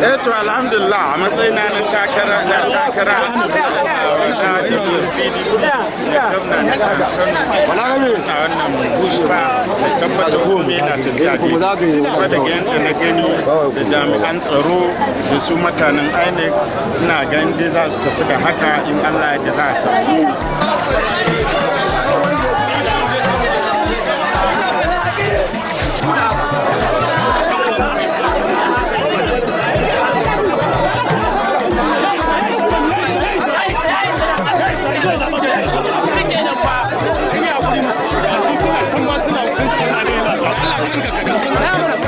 eh to alhamdulillah a matsayina na takara na takara na jami'in pdp gwamna na wannan bush da tabbatar kome na tafiya ne kuma daga yadda na gani da jami'an tsaro da su mutanen inec ina gani dai za su tafi da haka in allah ya da za a samu musu ga su suna can ba suna hukunci yana da yana Allah kanka